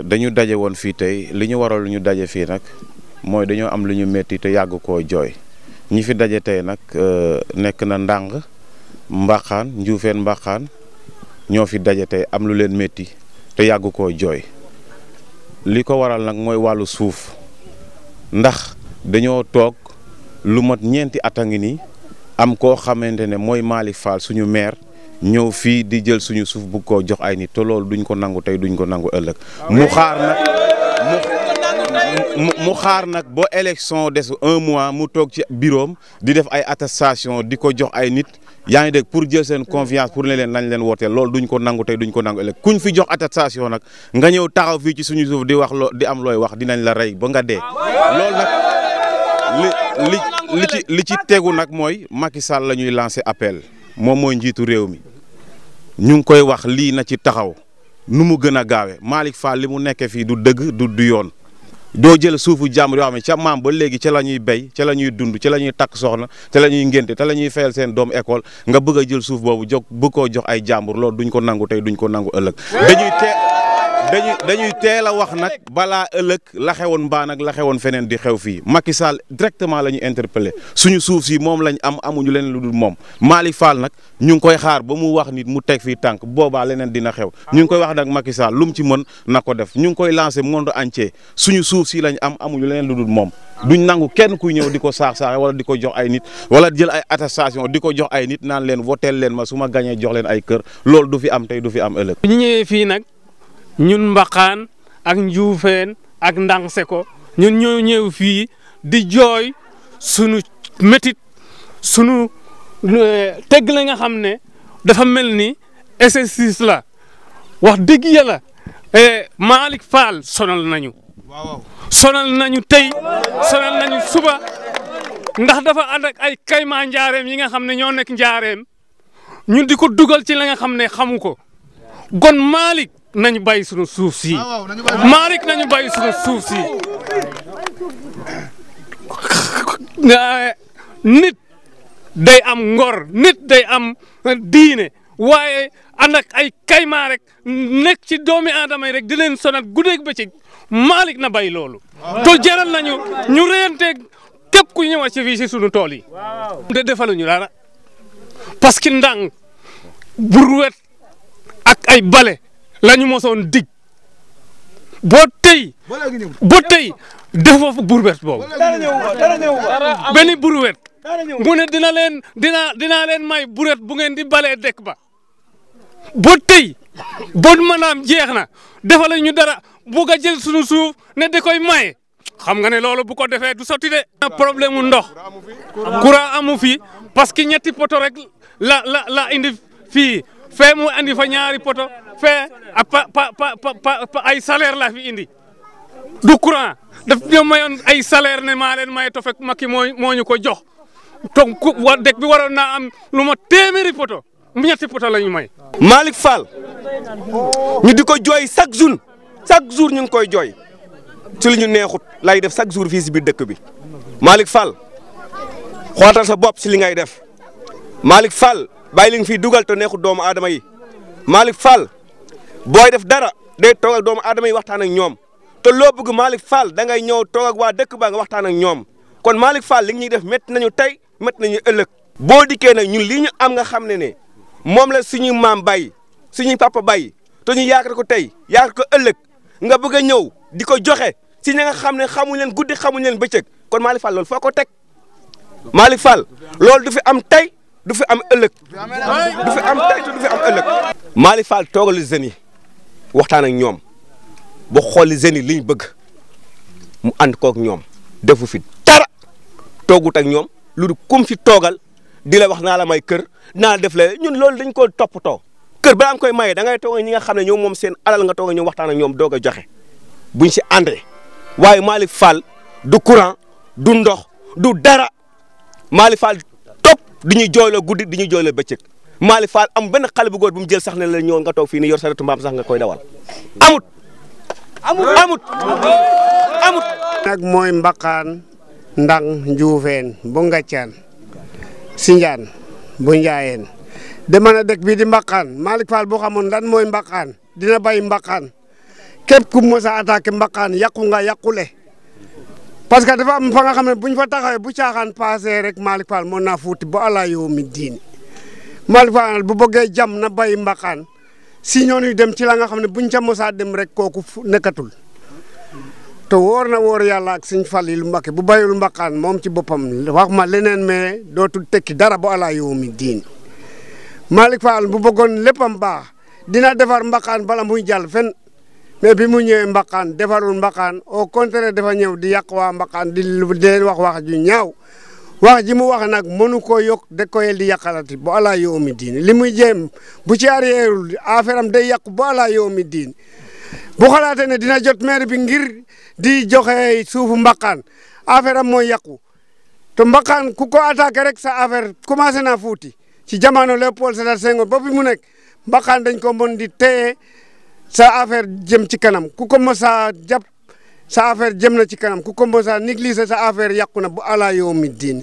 dañu daje woon fii tey li ñu waral ñu daje fii nag mooy dañoo am lu ñu métti te yàgg koo jooy ñi fi daje tey nag euh, nekk na Ndàng Mbaxaan Njuufeen Mbaxaan ñoo fi daje tey am lu leen métti te yàgg ko jooy li ko waral nag mooy wàllu suuf ndax dañoo toog lu mot ñeenti at a ngi nii am koo xamante ne mooy Malick Fall suñu maire ñëw fii di jël suñu suuf bu ko jox ay nit te loolu duñ ko nangu tey ko nangu ëllëg ah mu xaar nag mu xaar nag ba élection des un mois mu toog ci bureau di def ay attestation di ko jox ay nit yaa ngi dégg pour jël seen confiance pour ne leen nañ leen wooteel lool duñ ko nangu duñ ko nangu ëllëg kuñ fi jox attestation nag nga ñëw taxaw fii ci suñu suuf di wax di am looy wax dinañ la rey ba nga dee ah ah loolu nag li li ci li ci tegu nag mooy Macky Sall la ñuy lancer appel moom mooy njiitu réew mi ñu ngi koy wax lii na ci taxaw nu mu gën a gaawee Malick Fall li mu nekkee fii du dëgg du du yoon doo jël suufu jàmbur yoo xam ne ca maam ba léegi ca la ñuy bey ca la ñuy dund ca la ñuy takk soxna ca la ñuy ngénte te la ñuy fayal seen doom école nga bëgg a jël suuf boobu jox bëgg jox ay jàmbur loolu duñ ko nangu tey duñ ko nangu ëllëg dañuy dañuy teel a wax nag balaa ëllëg la xewoon mbaa nag la xewoon feneen di xew fii Macky Sall directement la ñu interpellé suñu suuf si moom lañ am amuñu leneen lu dul moom Malick Fall nag ñu ngi koy xaar ba mu wax nit mu teg fii tànk boobaa leneen dina xew ñu ngi koy wax nag Macky Sall lu mu ci mën na ko def ñu ngi koy lancé monde entier suñu suuf si lañ am amuñu leneen lu dul moom duñ nangu kenn kuy ñëw di ko saax saaxe wala di ko jox ay nit wala jël ay attestation di ko jox ay nit naan leen votel leen ma su ma gañee jox leen ay kër loolu du fi am tey du fi am ëllëg ñun Mbaxaan ak Njuufeen ak Ndanseko ñun ñoo ñëw fii di jooy sunu metit sunu eh, tegg la nga xam ne dafa mel ni ss la wax dëgg yàlla eh, malik Fall sonal nañu. sonal nañu tey sonal nañu suba ndax dafa ànd ay kaymaa njaareem yi nga xam ne ñoo nekk njaareem ñun di ko dugal ci la nga xam ne xamu ko gon Malick nañu bay sunu suuf si Malick ah, nañu bay sunu suuf si nit day am ngor nit day am diine waaye ànd ak ay kaymaa rek nekk ci doomi aadama yi rek di leen sonal guddeeg bëccëg Malick na bay loolu to jaral nañu ñu reyanteeg képp ku ñëwaat ci fii si sunu tool yi de defaluñu dara parce que ndang bur wet ak ay bale lañu ñu mosoon dig boo tey boo tey defoo fa brouette boobu. benn brouette. mu dina leen dina dinaa leen may brouette bu ngeen di balee dëkk ba boo tey bon maanaam jeex na defal ñu dara bugg jël sunu suuf ne da koy maye. xam nga ne loolu bu ko defee du sotti de. problème mu ndox courant amu fi parce que ñetti poto rek la la la indi fii fee mu andi fa ñaari poto. pain ak pa pa pa ay salaire laa fi indi du courant daf ñoo mayoon ay salaire ne maa leen may to fekk Macky moo ñu ko jox donc ku wa dëkk bi waroon naa am lu ma téeméeri poto ñetti poto lañu ñu may. Malick Fall ñu di ko jooy chaque jour chaque jour ñu ngi koy jooy ci li ñu neexut lay def chaque jour fii si biir dëkk bi Malick Fall xootal sa bopp si li ngay def Malick Fall bàyyi li fi dugal te neexut doomu aadama yi Malick Fall. booy def dara day toog doomu aadama yi waxtaan ak ñoom te loo bëgg Malick Fall da ngay ñëw toog ak waa dëkk ba nga waxtaan ak ñoom kon Malick Fall li ñuy def metti nañu tey métti nañu ëllëg. boo dikkee nag ñun lii ñu am nga xam ne ne moom la suñuy maam bay suñuy papa bay te ñu yaakaar ko tey yaakaar ko ëllëg nga bëgg a ñëw di ko joxe si ña nga xam ne xamuñ leen guddi xamuñ leen bëccëg kon Malick Fall lool foo ko teg Malick Fall loolu du fi am tey du fi am ëllëg du am tey te du fi am ëllëg. Malick Fall toogalu jeunes yi waxtaan ak ñoom ba xooli jeunes yi li ñu bëgg mu ànd kook ñoom defu fi dara toogut ak ñoom lu du kum fi toogal di la wax naa la may kër naa def la ñun loolu dañ ko toppatoo kër balaa nga koy maye da ngay toog ñi xam ne ñoom moom seen alal nga toog ñoom waxtaan ñoom doog a buñ si àndee waaye Malick Fall du courant du ndox du dara Malick Fall topp di ñuy jooyloo guddi di ñuy jooyloo bëccëg Malick Fall am benn xale bu góor bu mu jël sax ne la ñëw nga toog fii ni yor saretu mbaam sax nga koy dawal amut. amut amut amut. mooy Mbaqaan Ndang Njuufeen bu Ngaccaan Sinjaan bu Njaayeen dama ne dëkk bii di Mbaqaan Malick Fall boo xamoon lan mooy Mbaqaan dina bay Mbaqaan képp ku mos a attaqué Mbaqaan yàqu nga yàqule. parce que dafa am fa nga xam ne bu fa taxawee bu caaxaan paasee rek Malick Fall mën naa fuuti ba allah yow diin Malick Fall bu bëggee jàmm na bay mbaxaan si ñooñu dem ci la nga xam ne buñ ca mosaa dem rek kooku nekkatul te woor na woor yàlla ak suñ Faliilu Mbàkke bu bayul mbaxaan moom ci boppam wax ma leneen mais dootul tekki dara ba alaa yawmi diin Malick Fall bu bëggoon léppam baax dina defar mbaxaan bala muy jàll fenn mais bi mu ñëwee mbaxaan defarul mbaxaan au contraire dafa ñëw di yàq waa mbaxaan di leen wax wax ju ñaaw wax ji mu wax nag mënu ko yokk da koy di yàqalati ba alaa yawmi diin li muy jéem bu ci arrièreul affaire am day yàqu ba alaa yawmi diin bu xalaatee ne dina jot maire bi ngir di joxe suufu mbaqaan affaire am mooy yàqu te mbaqaan ku ko attaqué rek sa affaire commencé naa fuuti ci jamono Léopold Sédar Senghor ba fi mu nekk mbaqaan dañ ko mën di te sa affaire jëm ci kanam ku ko mos sa affaire jëm na ci kanam ku ko mos a négliger sa affaire yàqu na bu ala yawmi diin